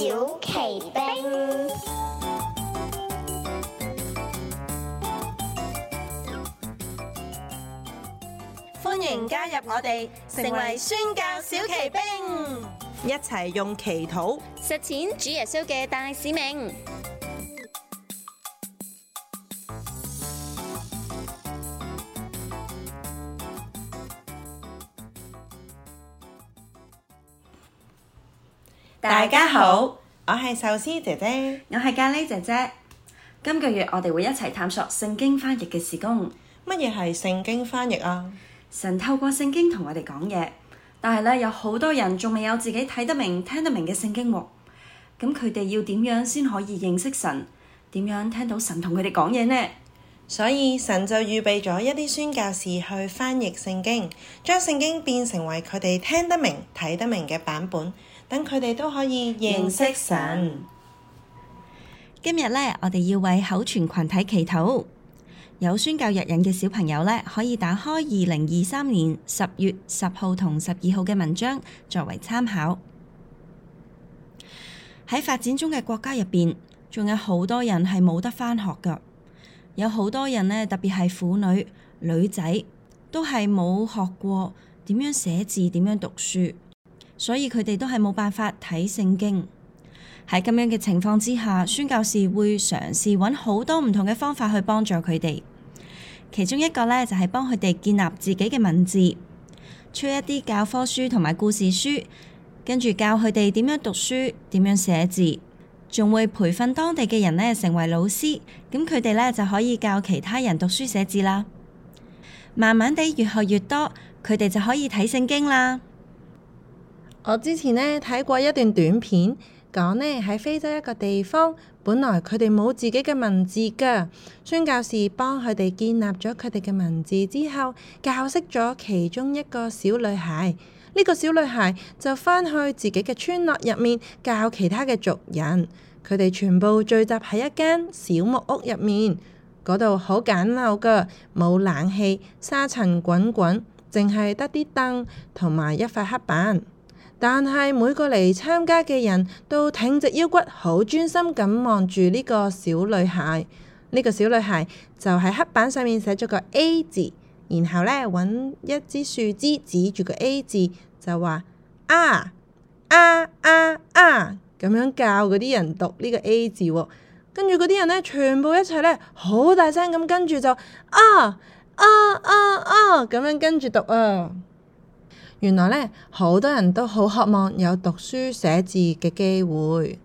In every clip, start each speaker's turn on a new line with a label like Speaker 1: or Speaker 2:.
Speaker 1: 小奇兵，歡迎加入我哋，成為宣教小奇兵，
Speaker 2: 一齊用祈禱
Speaker 1: 實踐主耶穌嘅大使命。大家好。我係壽司姐姐，我係咖喱姐姐。今個月我哋會一齊探索聖經翻譯嘅事工。乜嘢係聖經翻譯啊？神透過聖經同我哋講嘢，但係咧有好多人仲未有自己睇得明、聽得明嘅聖經。咁佢哋要點樣先可以認識神？點樣聽到神同佢哋
Speaker 2: 講嘢呢？所以神就預備咗一啲宣教士去翻譯聖經，將聖經變成為佢哋聽得明、睇得明嘅版本。等
Speaker 1: 佢哋都可以認識神。今日咧，我哋要為口傳群體祈禱。有宣教日引嘅小朋友咧，可以打開二零二三年十月十號同十二號嘅文章作為參考。喺發展中嘅國家入邊，仲有好多人係冇得返學㗎，有好多人呢，特別係婦女、女仔，都係冇學過點樣寫字、點樣讀書，所以佢哋都係冇辦法睇聖經。喺咁樣嘅情況之下，宣教士會嘗試揾好多唔同嘅方法去幫助佢哋。其中一個咧就係幫佢哋建立自己嘅文字，出一啲教科書同埋故事書，跟住教佢哋點樣讀書、點樣寫字，仲會培訓當地嘅人咧成為老師。咁佢哋咧就可以教其他人讀書寫字啦。慢慢地越學越多，佢哋就可以睇聖經啦。我之前呢睇過一段短片，
Speaker 2: 講呢喺非洲一個地方，本來佢哋冇自己嘅文字噶。宣教士幫佢哋建立咗佢哋嘅文字之後，教識咗其中一個小女孩。呢個小女孩就返去自己嘅村落入面，教其他嘅族人。佢哋全部聚集喺一間小木屋入面，嗰度好簡陋噶，冇冷氣，沙塵滾滾，淨係得啲燈同埋一塊黑板。但係每個嚟參加嘅人都挺直腰骨，好專心咁望住呢個小女孩。呢個小女孩就喺黑板上面寫咗個 A 字，然後咧揾一支樹枝指住個 A 字，就話啊啊啊啊咁樣教嗰啲人讀呢個 A 字。跟住嗰啲人咧，全部一齊咧好大聲咁跟住就啊啊啊啊咁樣跟住讀啊！原來咧，好多人都好渴望有讀書寫字嘅機
Speaker 1: 會。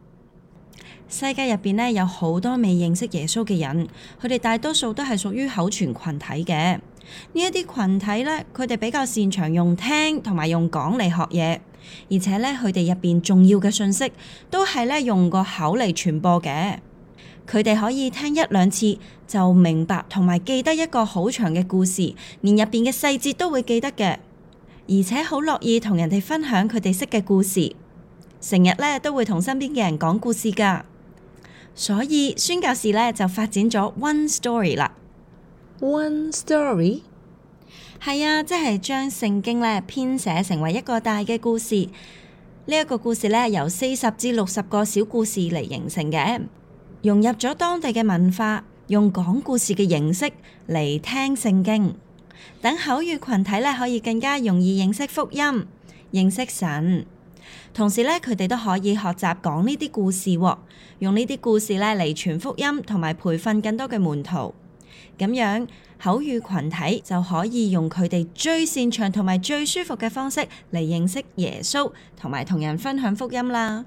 Speaker 1: 世界入邊咧，有好多未認識耶穌嘅人，佢哋大多數都係屬於口傳群體嘅。呢一啲群體咧，佢哋比較擅長用聽同埋用講嚟學嘢，而且咧，佢哋入邊重要嘅信息都係咧用個口嚟傳播嘅。佢哋可以聽一兩次就明白，同埋記得一個好長嘅故事，連入邊嘅細節都會記得嘅。而且好樂意同人哋分享佢哋識嘅故事，成日咧都會同身邊嘅人講故事噶。所以宣教士咧就發展咗 One Story 啦。One Story 係啊，即係將聖經咧編寫成為一個大嘅故事。呢一個故事咧由四十至六十個小故事嚟形成嘅，融入咗當地嘅文化，用講故事嘅形式嚟聽聖經。等口語群體咧可以更加容易認識福音、認識神，同時咧佢哋都可以學習講呢啲故事，用呢啲故事咧嚟傳福音同埋培訓更多嘅門徒，咁樣口語群體就可以用佢哋最擅長同埋最舒服嘅方式嚟認識耶穌同埋同人分享福音啦。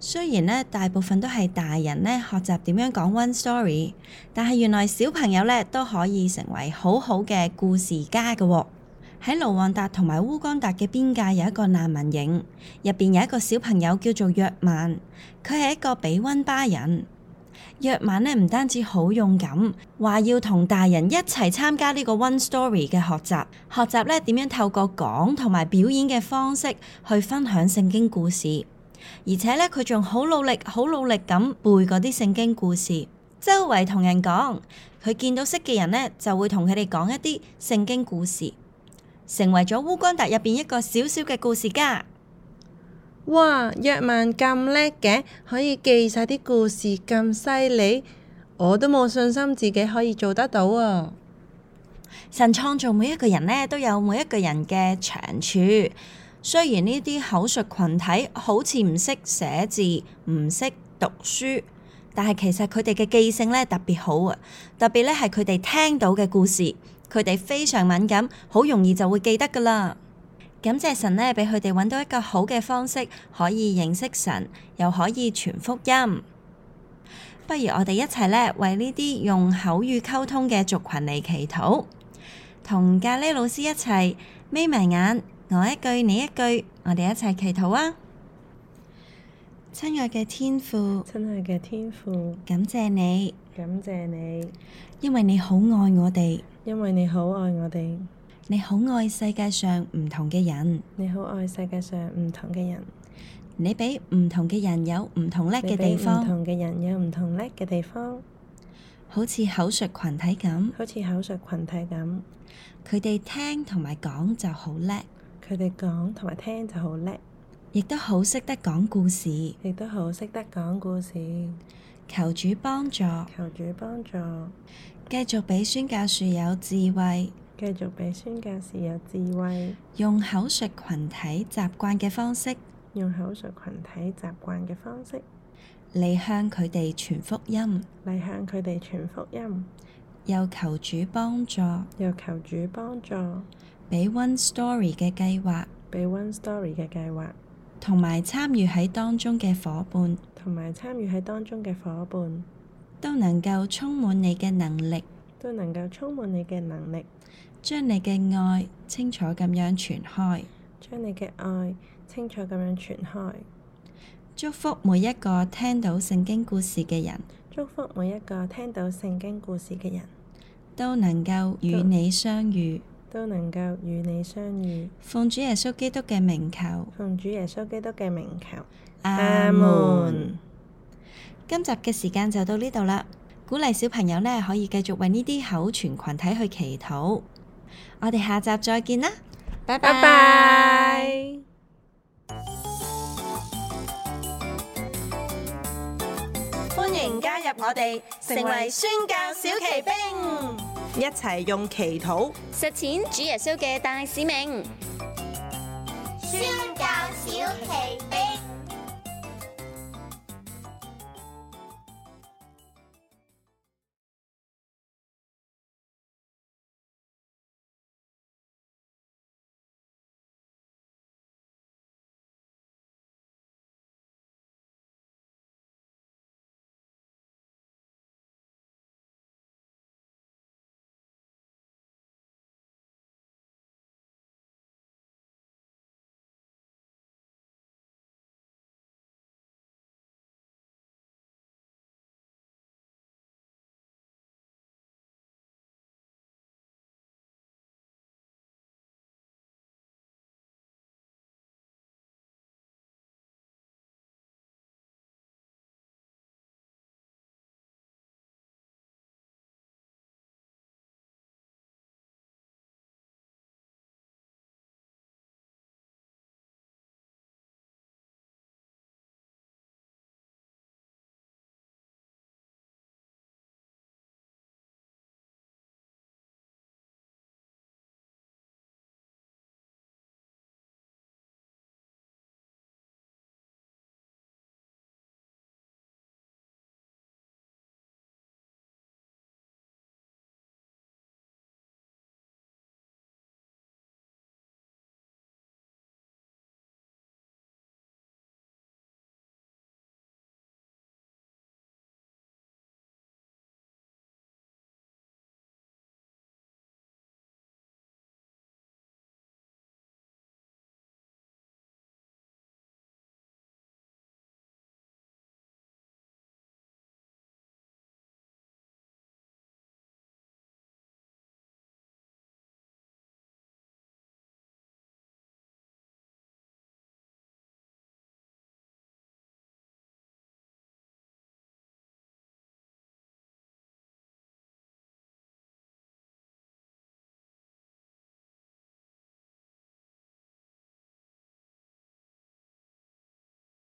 Speaker 1: 雖然咧，大部分都係大人咧學習點樣講 One Story，但係原來小朋友咧都可以成為好好嘅故事家嘅喎。喺盧旺達同埋烏干達嘅邊界有一個難民營，入邊有一個小朋友叫做約曼，佢係一個比溫巴人。約曼咧唔單止好勇敢，話要同大人一齊參加呢個 One Story 嘅學習，學習咧點樣透過講同埋表演嘅方式去分享聖經故事。而且咧，佢仲好努力、好努力咁背嗰啲聖經故事，周圍同人講，佢見到識嘅人呢，就會同佢哋講一啲聖經故事，成為咗烏干達入邊一個小小嘅故事家。哇，約曼咁
Speaker 2: 叻嘅，可以記晒啲故事咁犀利，我都冇信心
Speaker 1: 自己可以做得到啊！神創造每一個人呢，都有每一個人嘅長處。雖然呢啲口述群體好似唔識寫字、唔識讀書，但係其實佢哋嘅記性咧特別好啊！特別咧係佢哋聽到嘅故事，佢哋非常敏感，好容易就會記得噶啦。感謝神咧，俾佢哋揾到一個好嘅方式，可以認識神，又可以傳福音。不如我哋一齊咧為呢啲用口語溝通嘅族群嚟祈禱，同咖喱老師一齊眯埋眼。我一句，你一句，我哋一齊祈禱啊！親愛嘅天父，親愛嘅天父，感謝你，感謝你，因為你好愛我哋，因為你好愛我哋，你好愛世界上唔同嘅人，你好愛世界上唔同嘅人，你俾唔同嘅人有唔同叻嘅地方，唔同嘅人有唔同叻嘅地方，好似口述群體咁，好似口述群體咁，佢哋聽同埋講就好叻。佢哋講同埋聽就好叻，亦都好識得講故事，亦都好識得講故事。求主幫助，求主幫助，繼續俾宣教士有智慧，繼續俾宣教士有智慧，用口述群體習慣嘅方式，用口述群體習慣嘅方式，嚟向佢哋傳福音，嚟向佢哋傳福音。又求主幫助，又求主幫助。俾 One Story 嘅計劃，俾 One Story 嘅計劃，同埋參與喺當中嘅夥伴，同埋參與喺當中嘅夥伴都能夠充滿你嘅能力，都能夠充滿你嘅能力，將你嘅愛清楚咁樣傳開，
Speaker 2: 將你嘅愛清楚咁樣傳開，
Speaker 1: 祝福每一個聽到聖經故事嘅人，
Speaker 2: 祝福每一個聽到聖經故
Speaker 1: 事嘅人都能夠與你相遇。都能夠與你相遇。奉主耶穌基督嘅名求。奉主耶穌基督嘅名求。阿門。今集嘅時間就到呢度啦。鼓勵小朋友呢，可以繼續為呢啲口傳群體去祈禱。我哋下集再見啦，拜拜。拜拜。歡迎加入我哋，成為宣教小奇兵。
Speaker 2: 一齊用祈禱
Speaker 1: 實踐主耶穌嘅大使命。宣教小奇飛。